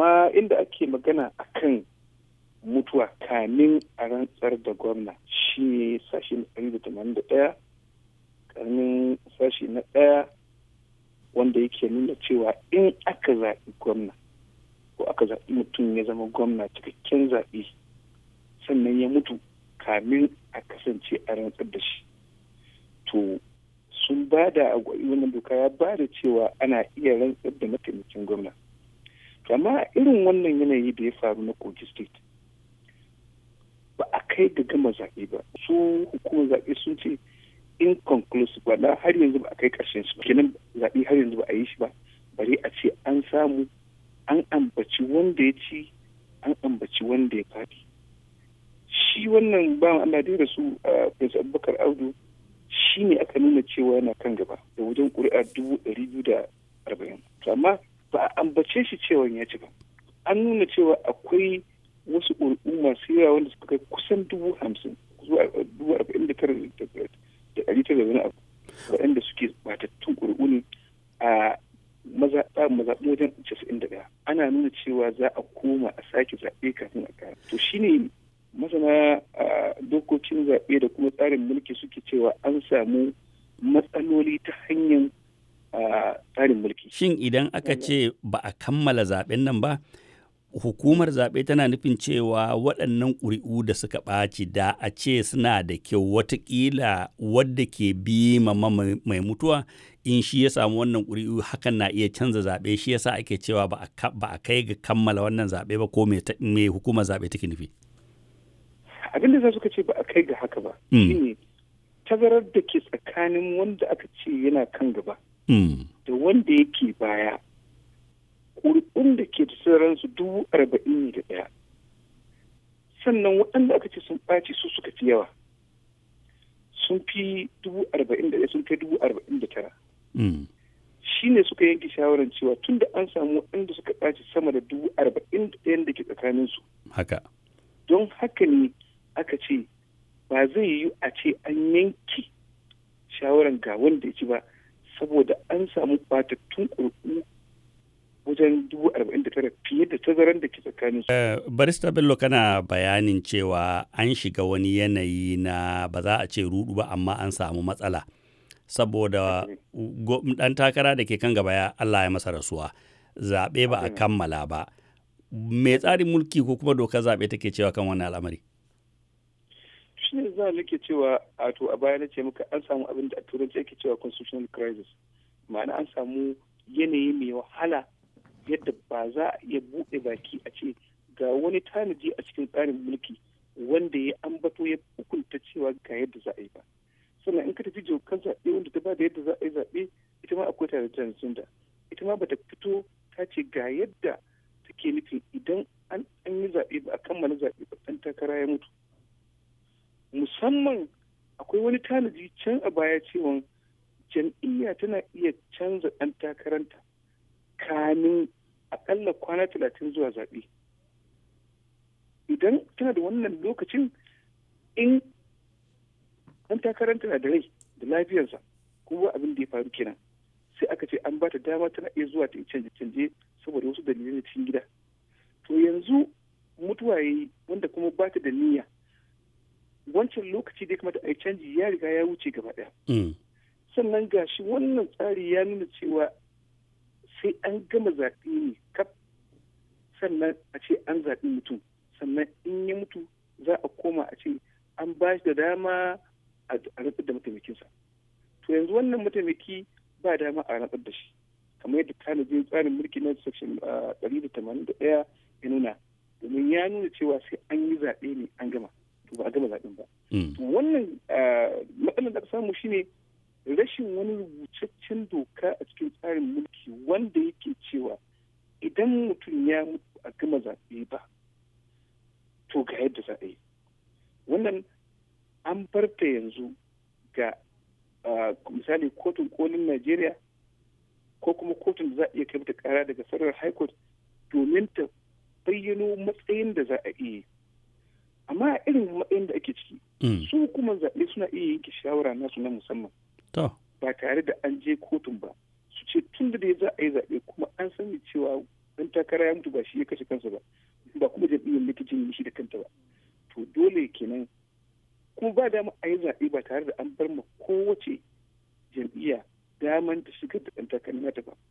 amma inda ake magana kan mutuwa kamin a rantsar da gwamna shi ne sashi na ɗari da tamanin da ɗaya sashi na ɗaya wanda yake nuna cewa in aka zaɓi gwamna ko aka zaɓi mutum ya zama gwamna cikakken zaɓi sannan ya mutu kamin a kasance a rantsar da shi to sun ba da wannan doka ya ba da cewa ana iya rantsar da mataimakin gwamna amma irin wannan yanayi da ya faru na kogi state ba a kai ga gama zaɓe ba su hukumar zaɓe sun ce inconclusive ba har yanzu ba a kai ƙarshen su kenan zaɓe har yanzu ba a yi shi ba bari a ce an samu an ambaci wanda ya ci an ambaci wanda ya faɗi shi wannan ba Allah da ya su Prince Abubakar Audu shi ne aka nuna cewa yana kan gaba da wajen ƙuri'a dubu ɗari biyu da arba'in amma ba a ambace shi cewa ya ci ba an nuna cewa akwai wasu ƙuri'u masu yawa wanda suka kai kusan dubu hamsin zuwa dubu arba'in da tara da ɗari tara wani abu waɗanda suke batattun ƙuri'uni ne a mazaɓa mazaɓu wajen casa'in da ɗaya ana nuna cewa za a koma a sake zaɓe kafin a kara to shine masana dokokin zaɓe da kuma tsarin mulki suke cewa an samu matsaloli ta hanyar tsarin mulki. Shin idan aka ce ba a kammala zaben nan ba, hukumar zaɓe tana nufin cewa waɗannan ƙuri'u da suka ɓaci da a ce suna da kyau watakila wadda ke bi ma mai mutuwa in shi ya samu wannan ƙuri'u hakan na iya canza zaɓe shi yasa ake cewa ba a kai ga kammala wannan zaɓe ba ko mai hukumar zaɓe take nufi. abin da za su ce ba a kai ga haka ba hmm. tazarar da ke tsakanin wanda aka ce yana kan gaba Hmm. da wanda yake baya ƙuri'un da ke da su dubu arba'in da daya sannan waɗanda aka ce sun ɓaci su suka fi yawa sun fi dubu arba'in da daya sun kai dubu arba'in da tara hmm. shi ne suka yanke shawarar cewa tun da an samu waɗanda suka ɓaci sama da dubu arba'in da ɗayan da ke tsakaninsu haka don haka ne aka ce ba zai yi a ce an yanke shawarar ga wanda ya ci ba saboda an samu batattun kurku wajen dubu arba'in da tara fiye da tazaran da ke tsakanin su. Eh, barista bello kana bayanin cewa an shiga wani yanayi na ba za a ce rudu ba amma an samu matsala saboda dan takara da ke kan gaba ya allah ya masa rasuwa zaɓe ba a kammala ba mai tsarin mulki ko kuma dokar zaɓe take cewa kan wani al'amari. shine za za nake cewa a to a baya na ce muka an samu abin da a turanci ake cewa constitutional crisis ma'ana an samu yanayi mai wahala yadda ba za a iya buɗe baki a ce ga wani tanaji a cikin tsarin mulki wanda ya ambato ya hukunta cewa ga yadda za a yi ba sannan in ka tafi jokan zaɓe wanda ta ba da yadda za a yi zaɓe ita ma akwai tare da da ita ma bata fito ta ce ga yadda take nufin idan an yi zaɓe ba a kammala zaɓe ba ɗan takara ya mutu musamman akwai wani tanadi can a baya cewa jam'iyya tana iya canza ɗan takaranta kamin akalla kwana talatin zuwa zaɓe idan tana da wannan lokacin in ɗan takaranta na da rai da lafiyarsa kuma abin da ya faru kenan sai aka ce an ba ta dama tana iya zuwa ta canje canje saboda wasu dalilai na cikin gida to yanzu mutuwa yayi wanda kuma ba ta da niyya wancan lokaci da kuma da a canji ya riga ya wuce gaba ɗaya. Mm. Sannan gashi wannan tsari ya nuna cewa sai an gama zaɓe ne kaf sannan a ce an zaɓi mutum sannan in ya mutu za a koma a ce an ba shi da dama a rantsar da mataimakinsa. To yanzu wannan mataimaki ba dama a rantsar da shi. Kamar yadda tanadin tsarin mulki na section 181 ah, ya nuna domin ya nuna cewa sai an yi zaɓe ne an gama. ba a gama zaɓen ba. Mm. Wannan eh, matsalar da aka samu shine rashin wani rubutaccen doka a cikin tsarin mulki wanda yake cewa idan mutum ya mutu a gama zaɓe ba to ga yadda za a yi. Wannan an farta yanzu ga eh, misali kotun kolin Najeriya ko kuma kotun da za a iya kai kara daga sarar High Court domin ta bayyano matsayin da za a iya amma a irin matsayin ake ciki mm. su kuma zaɓe suna iya yanke shawara nasu na musamman ba tare da an je kotun ba su ce tun da za a yi zaɓe kuma an san ni cewa dan takara ya mutu ba shi ya kashe kansa ba ba kuma jam'iyyar likitin shi da kanta ba to dole kenan kuma ba dama a yi zaɓe ba tare da an bar ma